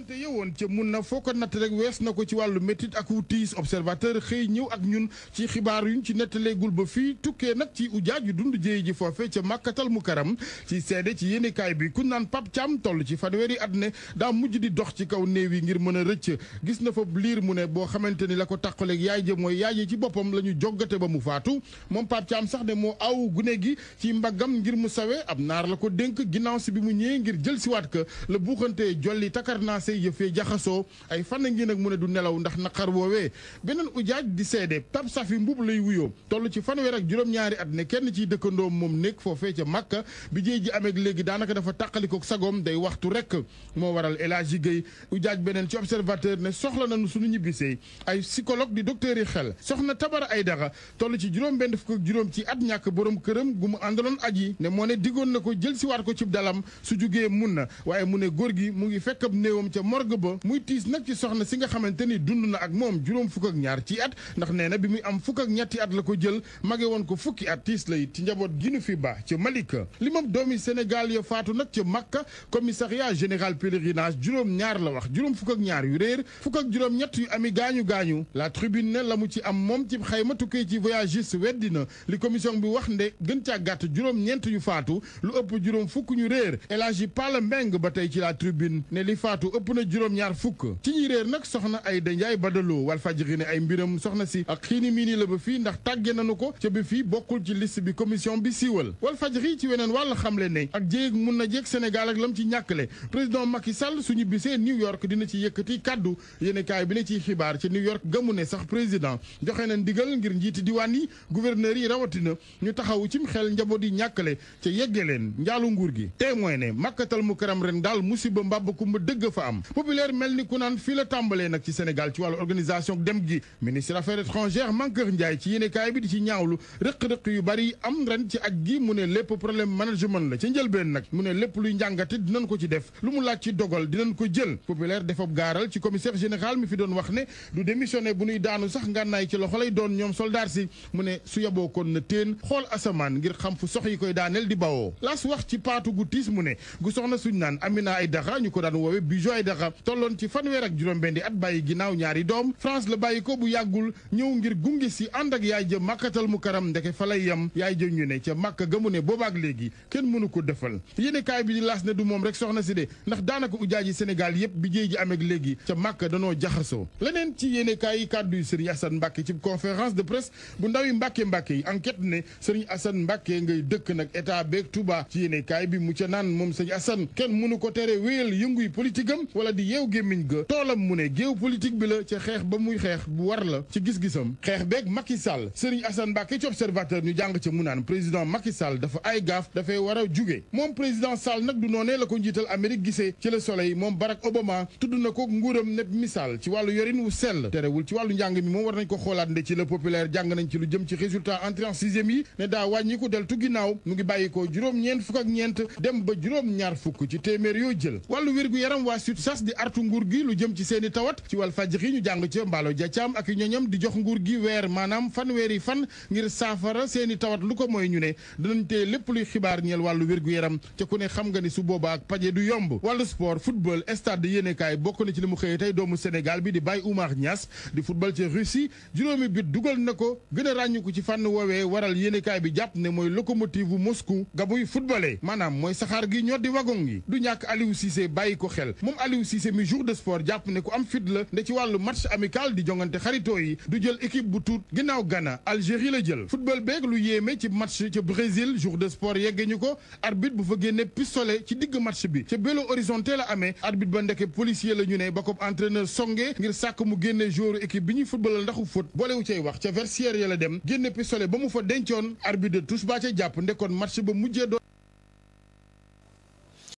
jongante yowoon ca mun na foo ko natt rek wees na ko ci wàllu métit ak wu tiis observateur xëy ñëw ak ñun ci xibaar yuñ ci nettaleegul ba fii tukkee nag ci ujaaj yu dund jéey ji foofe ca màkkatal mu karam ci seede ci yéenekaay bi ku naan Pape Thiam toll ci fanweeri at ne daa mujj di dox ci kaw néew yi ngir mën a rëcc gis na fa liir mu ne boo xamante ni la ko tàqaleeg yaay ja mooy yaay ji ci boppam la ñu joggate ba mu faatu moom Pape Thiam sax ne moo aw gune gi ci mbaggam ngir mu sawe ab naar la ko dénk ginnaaw bi mu ñëwee ngir jël siwaat la buuxantee jolli takar jaxase yëf yee jaxasoo ay fan ngi nag mu ne du nelaw ndax naqar woowee beneen ujaaj di seede Pape Safi Mboup lay wuyoo toll ci fanweer ak juróom-ñaari at ne kenn ciy dëkkandoom moom nekk foofee ca Màkka bi jéey ji amee léegi daanaka dafa tàqalikook sagoom day waxtu rek moo waral El Hadji Gueye ujaaj beneen ci observateur ne soxla nañu suñu ñibbisee ay psychologue di docteur yi xel soxna Tabara Aydara toll ci juróom benn fukk ak juróom ci at ñàkk borom këram gu mu àndaloon aji ne moo ne diggoon na ko jël si waat ko cib dalam ca morgue ba muy tiis nag ci soxna si nga xamante ni dund na ak moom juróom fukk ak ñaar ci at ndax nee na bi muy am fukk ak ñetti at la ko jël mage woon ko fukki at tiis la ci njaboot gi nu fi ba ca Malika li moom doomi Sénégal ya faatu nag ca Makka commissariat général pèlerinage juróom ñaar la wax juróom fukk ak ñaar yu réer fukk ak juróom ñett yu ami gaañu gaañu la tribune ne la mu ci am moom ci xayma tukkee ci voyagiste weddi na li commission bi wax nde gën caa gàtt ñeent yu faatu lu ëpp juróom fukk ñu réer El Pala Mbeng ba tey ci la tribune ne ëpp na juróom-ñaar fukk ci ñi réer nag soxna Ayda Njaay Badaloo Walfadjri ne ay mbiram soxna si ak xiini miini la ba fii ndax tàgge nanu ko ca bi fii bokkul ci liste bi commission bi siiwal Walfadjri ci weneen wàll xamle ne ak jéeg mun na jéeg Sénégal ak lam ci ñàkkale président Macky Sall suñu bisee New York dina ci yëkkati kaddu yéenekaay bi ne ciy xibaar ci New York gamu ne sax président joxe na ndigal ngir njiiti diwaan yi gouverneur yi rawatina ñu taxaw cim xel njaboot yi ñàkkale ca yegge leen njaalu nguur gi témoin am populaire mel ni ku naan fii la tàmbalee nag ci Sénégal ci wàllu organisation dem gi ministre affaires étrangères Mankeur Ndiaye ci yéenekaay bi di ci ñaawlu rëq-rëq yu bari am ren ci aj gi mu ne lépp problème management la ca njëlbeen nag mu ne lépp luy njàngate dinañ ko ci def lu mu laaj ci dogal dinañ ko jël populaire defab gaaral ci commissaire général mi fi doon wax ne du démissionné bu nuy daanu sax ngànnaay ci loxo lay doon ñoom soldat si mu ne su yi koy daaneel di bawoo las wax ci paatu mu ne gu soxna suñ naan Aïdara tolloon ci fanweer ak juróom-benni at bàyyi ginnaaw ñaari doom France la bàyyi ko bu yàggul ñëw ngir gunge si ànd ak yaay jëm màkkatal mu karam ndeke fa yaay jëm ne ca màkk gamu ne boobaak léegi kenn mënu ko defal yéene kaay bi di laas ne du moom rek soxna si de ndax daanaka ujaaji Sénégal yépp bi géej gi léegi ca màkk danoo jaxasoo leneen ci yéene kaay yi kàddu yu ci conférence de presse bu ndaw yi Mbacke Mbacke yi enquête ne wala di yeew gémmiñ ga toolam mu ne géew politique bi la ca xeex ba muy xeex bu war la ci gis-gisam xeex beeg Macky Sall Serigne Assane Mbacké ci observateur ñu jàng ca mu naan président Macky Sall dafa ay gaaf dafay war a jugee moom président Sall nag du noonee la ko njiital Amérique gisee ci le soleil moom Barack Obama tudd na ko nguuram ne misaal ci wàllu yorin wu sell terewul ci wàllu njàng mi moom war nañ ko xoolaat nde ci le populaire jàng nañ ci lu jëm ci résultat entrée en sixième yi ne daa wàññi ngi bàyyi ko juróom-ñeent fukk dem ba juróom-ñaar fukk ci téeméer yoo jël wàllu wér sas di artu nguur gi lu jëm ci seeni tawat ci wàl fajri ñu jàng ca mbaalo jacaam ak ñoñam di jox nguur gi weer maanaam fanweeri fan ngir saafara seeni tawat lu ko mooy ñu ne danañ tee lépp luy xibaar ñeel wàllu wér-gu-yaram ca ku ne xam nga ni su boobaa ak paje du yomb wàllu sport football stade yéenekaay bokk na ci li mu xëyee tey doomu Sénégal bi di Baye Oumar Niass di football ca Russie juróomi but dugal na ko gën a ràññu ko ci fànn woowee waral yéenekaay bi jàpp ne mooy locomotive bu Moscou ga muy footballé maanaam mooy saxaar gi ñoo di wagon yi du ñàkk Aliou Cissé bàyyi ko xel Aliou Cissé mi jour de sport jàpp ne ku am fit la nda ci wàllu match amical di jongante xaritoo du jël équipe bu tuut ginnaaw Ghana Algérie la jël football beeg lu yéeme ci match ca Brésil jour de sport yegge ñu ko arbitre bu fa génne pistolet ci digg match bi ca Belo Horizonte la amee arbitre ba ndeke policier la ne ba ko entraîneur songe ngir sàkk mu génne joueur équipe bi ñuy football ndaxu foot boolewu cay wax ca vestiaire ya la dem génne pistolet ba mu